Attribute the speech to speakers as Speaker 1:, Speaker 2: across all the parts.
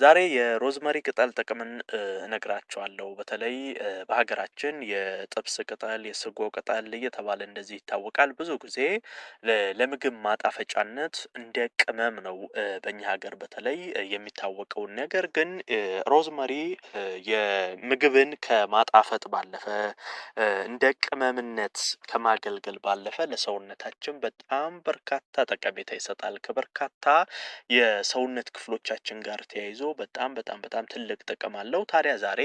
Speaker 1: ዛሬ የሮዝመሪ ቅጠል ጥቅምን እነግራችኋለሁ። በተለይ በሀገራችን የጥብስ ቅጠል፣ የስጎ ቅጠል እየተባለ እንደዚህ ይታወቃል። ብዙ ጊዜ ለምግብ ማጣፈጫነት እንደ ቅመም ነው በእኛ ሀገር በተለይ የሚታወቀው። ነገር ግን ሮዝመሪ የምግብን ከማጣፈጥ ባለፈ እንደ ቅመምነት ከማገልገል ባለፈ ለሰውነታችን በጣም በርካታ ጠቀሜታ ይሰጣል። ከበርካታ የሰውነት ክፍሎቻችን ጋር ተያይዞ ይዞ በጣም በጣም በጣም ትልቅ ጥቅም አለው። ታዲያ ዛሬ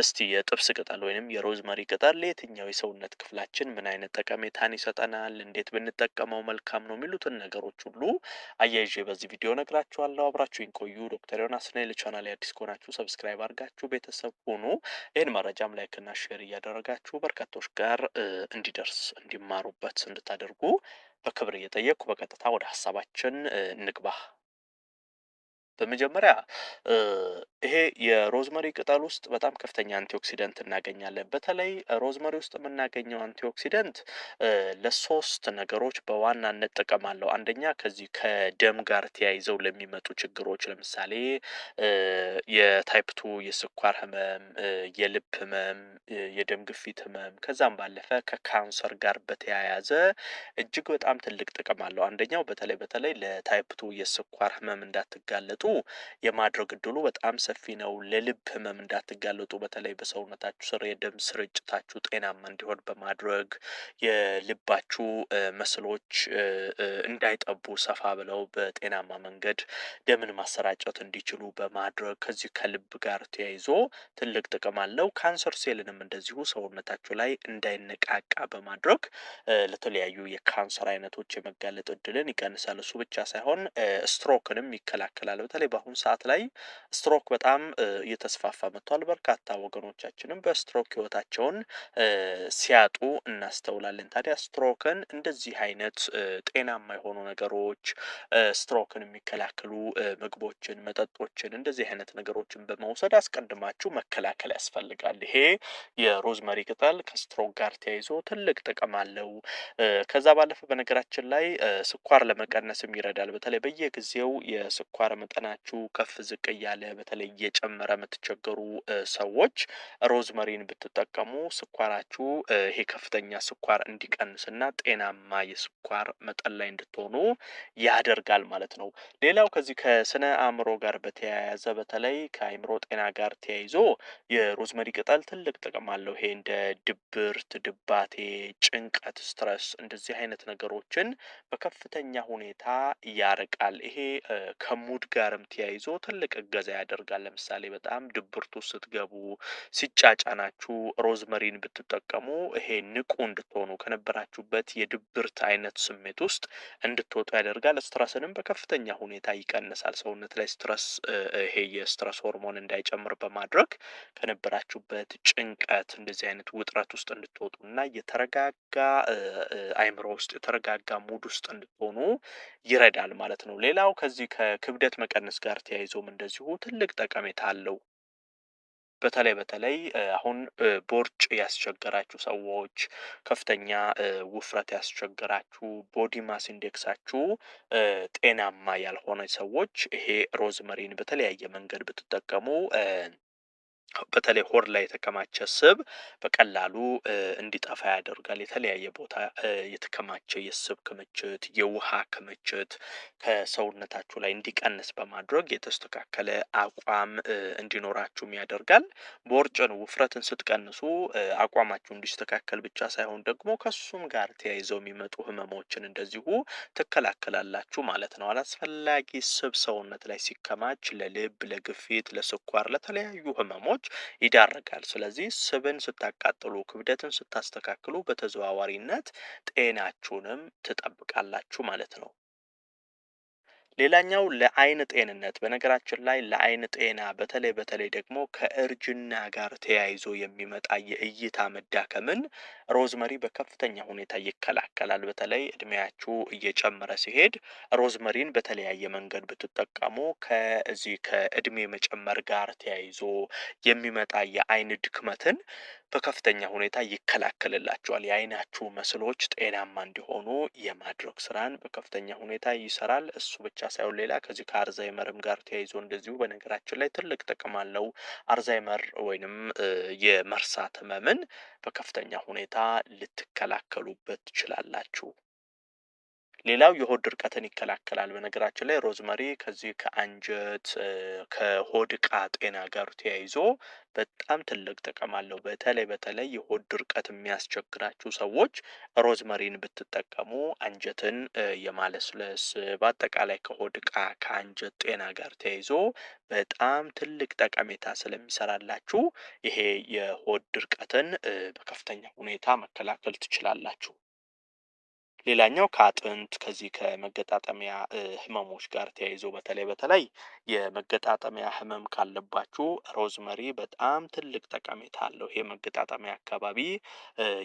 Speaker 1: እስቲ የጥብስ ቅጠል ወይንም የሮዝመሪ ቅጠል ለየትኛው የሰውነት ክፍላችን ምን አይነት ጠቀሜታን ይሰጠናል፣ እንዴት ብንጠቀመው መልካም ነው የሚሉትን ነገሮች ሁሉ አያይዤ በዚህ ቪዲዮ ነግራችኋለሁ። አብራችሁኝ ቆዩ። ዶክተር ዮናስ ነኝ። ለቻናል አዲስ ከሆናችሁ ሰብስክራይብ አድርጋችሁ ቤተሰብ ሁኑ። ይህን መረጃም ላይክና ሼር እያደረጋችሁ በርካቶች ጋር እንዲደርስ እንዲማሩበት እንድታደርጉ በክብር እየጠየቅኩ በቀጥታ ወደ ሀሳባችን እንግባ። በመጀመሪያ ይሄ የሮዝመሪ ቅጠል ውስጥ በጣም ከፍተኛ አንቲኦክሲደንት እናገኛለን። በተለይ ሮዝመሪ ውስጥ የምናገኘው አንቲኦክሲደንት ለሶስት ነገሮች በዋናነት ጥቅም አለው። አንደኛ ከዚህ ከደም ጋር ተያይዘው ለሚመጡ ችግሮች ለምሳሌ የታይፕቱ የስኳር ህመም፣ የልብ ህመም፣ የደም ግፊት ህመም ከዛም ባለፈ ከካንሰር ጋር በተያያዘ እጅግ በጣም ትልቅ ጥቅም አለው። አንደኛው በተለይ በተለይ ለታይፕቱ የስኳር ህመም እንዳትጋለጡ የማድረግ እድሉ በጣም ሰፊ ነው። ለልብ ህመም እንዳትጋለጡ በተለይ በሰውነታችሁ ስር የደም ስርጭታችሁ ጤናማ እንዲሆን በማድረግ የልባችሁ መስሎች እንዳይጠቡ ሰፋ ብለው በጤናማ መንገድ ደምን ማሰራጨት እንዲችሉ በማድረግ ከዚህ ከልብ ጋር ተያይዞ ትልቅ ጥቅም አለው። ካንሰር ሴልንም እንደዚሁ ሰውነታችሁ ላይ እንዳይነቃቃ በማድረግ ለተለያዩ የካንሰር አይነቶች የመጋለጥ እድልን ይቀንሳል። እሱ ብቻ ሳይሆን ስትሮክንም ይከላከላል። በተለይ በአሁኑ ሰዓት ላይ ስትሮክ በጣም እየተስፋፋ መጥቷል። በርካታ ወገኖቻችንም በስትሮክ ህይወታቸውን ሲያጡ እናስተውላለን። ታዲያ ስትሮክን እንደዚህ አይነት ጤናማ የሆኑ ነገሮች ስትሮክን የሚከላከሉ ምግቦችን፣ መጠጦችን እንደዚህ አይነት ነገሮችን በመውሰድ አስቀድማችሁ መከላከል ያስፈልጋል። ይሄ የሮዝመሪ ቅጠል ከስትሮክ ጋር ተያይዞ ትልቅ ጥቅም አለው። ከዛ ባለፈ በነገራችን ላይ ስኳር ለመቀነስም ይረዳል። በተለይ በየጊዜው የስኳር መጠን መጠናችሁ ከፍ ዝቅ እያለ በተለይ እየጨመረ የምትቸገሩ ሰዎች ሮዝመሪን ብትጠቀሙ ስኳራችሁ ይሄ ከፍተኛ ስኳር እንዲቀንስና ጤናማ የስኳር መጠን ላይ እንድትሆኑ ያደርጋል ማለት ነው። ሌላው ከዚህ ከስነ አእምሮ ጋር በተያያዘ በተለይ ከአይምሮ ጤና ጋር ተያይዞ የሮዝመሪ ቅጠል ትልቅ ጥቅም አለው። ይሄ እንደ ድብርት፣ ድባቴ፣ ጭንቀት፣ ስትረስ እንደዚህ አይነት ነገሮችን በከፍተኛ ሁኔታ ያርቃል። ይሄ ከሙድ ጋር ጋርም ተያይዞ ትልቅ እገዛ ያደርጋል። ለምሳሌ በጣም ድብርቱ ስትገቡ ሲጫጫናችሁ ሮዝመሪን ብትጠቀሙ ይሄ ንቁ እንድትሆኑ ከነበራችሁበት የድብርት አይነት ስሜት ውስጥ እንድትወጡ ያደርጋል። ስትረስንም በከፍተኛ ሁኔታ ይቀንሳል። ሰውነት ላይ ስትረስ ይሄ የስትረስ ሆርሞን እንዳይጨምር በማድረግ ከነበራችሁበት ጭንቀት እንደዚህ አይነት ውጥረት ውስጥ እንድትወጡ እና የተረጋጋ አይምሮ ውስጥ የተረጋጋ ሙድ ውስጥ እንድትሆኑ ይረዳል ማለት ነው። ሌላው ከዚህ ከክብደት መቀ ከመቀነስ ጋር ተያይዞም እንደዚሁ ትልቅ ጠቀሜታ አለው። በተለይ በተለይ አሁን ቦርጭ ያስቸገራችሁ ሰዎች፣ ከፍተኛ ውፍረት ያስቸገራችሁ፣ ቦዲ ማስ ኢንዴክሳችሁ ጤናማ ያልሆነ ሰዎች ይሄ ሮዝመሪን በተለያየ መንገድ ብትጠቀሙ በተለይ ሆድ ላይ የተከማቸ ስብ በቀላሉ እንዲጠፋ ያደርጋል። የተለያየ ቦታ የተከማቸ የስብ ክምችት፣ የውሃ ክምችት ከሰውነታችሁ ላይ እንዲቀንስ በማድረግ የተስተካከለ አቋም እንዲኖራችሁም ያደርጋል። ቦርጭን፣ ውፍረትን ስትቀንሱ አቋማችሁ እንዲስተካከል ብቻ ሳይሆን ደግሞ ከሱም ጋር ተያይዘው የሚመጡ ህመሞችን እንደዚሁ ትከላከላላችሁ ማለት ነው። አላስፈላጊ ስብ ሰውነት ላይ ሲከማች ለልብ፣ ለግፊት፣ ለስኳር፣ ለተለያዩ ህመሞች ነገሮች ይዳርጋል። ስለዚህ ስብን ስታቃጥሉ፣ ክብደትን ስታስተካክሉ በተዘዋዋሪነት ጤናችሁንም ትጠብቃላችሁ ማለት ነው። ሌላኛው ለአይን ጤንነት፣ በነገራችን ላይ ለአይን ጤና በተለይ በተለይ ደግሞ ከእርጅና ጋር ተያይዞ የሚመጣ የእይታ መዳከምን ሮዝመሪ በከፍተኛ ሁኔታ ይከላከላል። በተለይ እድሜያችሁ እየጨመረ ሲሄድ ሮዝመሪን በተለያየ መንገድ ብትጠቀሙ ከዚህ ከእድሜ መጨመር ጋር ተያይዞ የሚመጣ የአይን ድክመትን በከፍተኛ ሁኔታ ይከላከልላቸዋል። የአይናችሁ መስሎች ጤናማ እንዲሆኑ የማድረግ ስራን በከፍተኛ ሁኔታ ይሰራል። እሱ ብቻ ሳይሆን ሌላ ከዚህ ከአርዛይመርም ጋር ተያይዞ እንደዚሁ በነገራችን ላይ ትልቅ ጥቅም አለው። አርዛይመር ወይንም የመርሳት ህመምን በከፍተኛ ሁኔታ ልትከላከሉበት ትችላላችሁ። ሌላው የሆድ ድርቀትን ይከላከላል። በነገራችን ላይ ሮዝመሪ ከዚህ ከአንጀት ከሆድ ዕቃ ጤና ጋር ተያይዞ በጣም ትልቅ ጥቅም አለው። በተለይ በተለይ የሆድ ድርቀት የሚያስቸግራችሁ ሰዎች ሮዝመሪን ብትጠቀሙ አንጀትን የማለስለስ በአጠቃላይ ከሆድ ዕቃ ከአንጀት ጤና ጋር ተያይዞ በጣም ትልቅ ጠቀሜታ ስለሚሰራላችሁ ይሄ የሆድ ድርቀትን በከፍተኛ ሁኔታ መከላከል ትችላላችሁ። ሌላኛው ከአጥንት ከዚህ ከመገጣጠሚያ ህመሞች ጋር ተያይዞ በተለይ በተለይ የመገጣጠሚያ ህመም ካለባችሁ ሮዝመሪ በጣም ትልቅ ጠቀሜታ አለው። ይሄ መገጣጠሚያ አካባቢ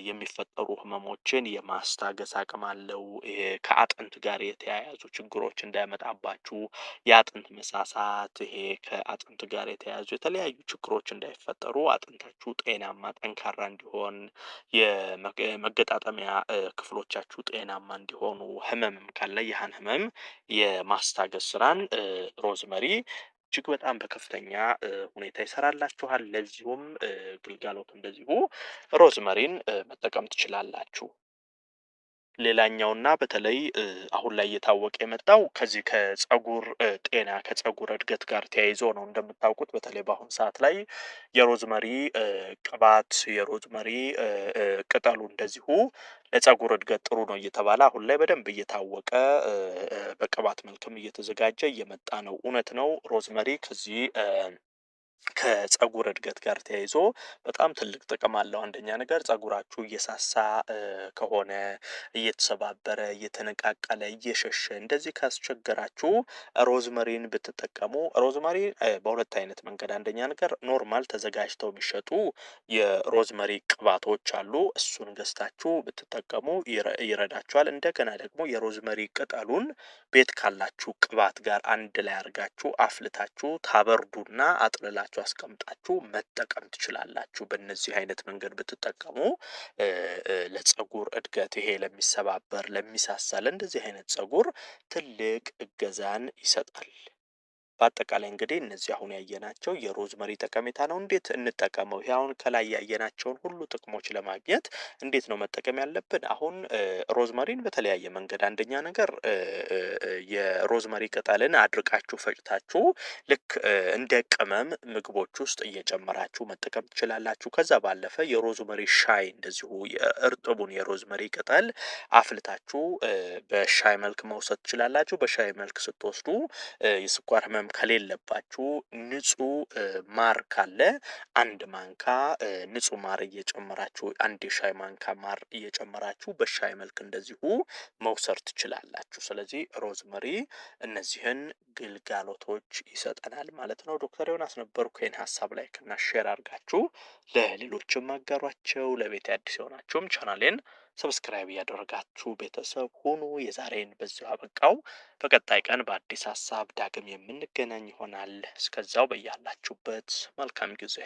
Speaker 1: የሚፈጠሩ ህመሞችን የማስታገስ አቅም አለው። ከአጥንት ጋር የተያያዙ ችግሮች እንዳያመጣባችሁ የአጥንት መሳሳት፣ ይሄ ከአጥንት ጋር የተያያዙ የተለያዩ ችግሮች እንዳይፈጠሩ አጥንታችሁ ጤናማ ጠንካራ እንዲሆን የመገጣጠሚያ ክፍሎቻችሁ ጤና ጤናማ እንዲሆኑ ህመምም ካለ ያህን ህመም የማስታገስ ስራን ሮዝመሪ እጅግ በጣም በከፍተኛ ሁኔታ ይሰራላችኋል። ለዚሁም ግልጋሎት እንደዚሁ ሮዝመሪን መጠቀም ትችላላችሁ። ሌላኛውና በተለይ አሁን ላይ እየታወቀ የመጣው ከዚህ ከጸጉር ጤና ከጸጉር እድገት ጋር ተያይዞ ነው። እንደምታውቁት በተለይ በአሁን ሰዓት ላይ የሮዝመሪ ቅባት፣ የሮዝመሪ ቅጠሉ እንደዚሁ ለጸጉር እድገት ጥሩ ነው እየተባለ አሁን ላይ በደንብ እየታወቀ በቅባት መልክም እየተዘጋጀ እየመጣ ነው። እውነት ነው ሮዝመሪ ከዚህ ከፀጉር እድገት ጋር ተያይዞ በጣም ትልቅ ጥቅም አለው። አንደኛ ነገር ፀጉራችሁ እየሳሳ ከሆነ እየተሰባበረ እየተነቃቀለ እየሸሸ እንደዚህ ካስቸገራችሁ ሮዝመሪን ብትጠቀሙ ሮዝመሪ በሁለት አይነት መንገድ አንደኛ ነገር ኖርማል ተዘጋጅተው የሚሸጡ የሮዝመሪ ቅባቶች አሉ። እሱን ገዝታችሁ ብትጠቀሙ ይረዳችኋል። እንደገና ደግሞ የሮዝመሪ ቅጠሉን ቤት ካላችሁ ቅባት ጋር አንድ ላይ አድርጋችሁ አፍልታችሁ ታበርዱና አጥልላ ብላችሁ አስቀምጣችሁ መጠቀም ትችላላችሁ። በእነዚህ አይነት መንገድ ብትጠቀሙ ለፀጉር እድገት ይሄ ለሚሰባበር፣ ለሚሳሳ ለእንደዚህ አይነት ፀጉር ትልቅ እገዛን ይሰጣል። በአጠቃላይ እንግዲህ እነዚህ አሁን ያየናቸው የሮዝመሪ ጠቀሜታ ነው። እንዴት እንጠቀመው? ይሄ አሁን ከላይ ያየናቸውን ሁሉ ጥቅሞች ለማግኘት እንዴት ነው መጠቀም ያለብን? አሁን ሮዝመሪን በተለያየ መንገድ፣ አንደኛ ነገር የሮዝመሪ ቅጠልን አድርቃችሁ ፈጭታችሁ ልክ እንደ ቅመም ምግቦች ውስጥ እየጨመራችሁ መጠቀም ትችላላችሁ። ከዛ ባለፈ የሮዝመሪ ሻይ እንደዚሁ የእርጥቡን የሮዝመሪ ቅጠል አፍልታችሁ በሻይ መልክ መውሰድ ትችላላችሁ። በሻይ መልክ ስትወስዱ የስኳር ህመም ህመም ከሌለባችሁ ንጹህ ማር ካለ አንድ ማንካ ንጹህ ማር እየጨመራችሁ አንድ የሻይ ማንካ ማር እየጨመራችሁ በሻይ መልክ እንደዚሁ መውሰድ ትችላላችሁ። ስለዚህ ሮዝመሪ እነዚህን ግልጋሎቶች ይሰጠናል ማለት ነው። ዶክተር ዮናስ ነበርኩ። ይህን ሀሳብ ላይክና ሼር አድርጋችሁ ለሌሎችም አጋሯቸው። ለቤት አዲስ የሆናችሁም ቻናሌን ሰብስክራይብ እያደረጋችሁ ቤተሰብ ሁኑ። የዛሬን በዚሁ አበቃው። በቀጣይ ቀን በአዲስ ሀሳብ ዳግም የምንገናኝ ይሆናል። እስከዛው በያላችሁበት መልካም ጊዜ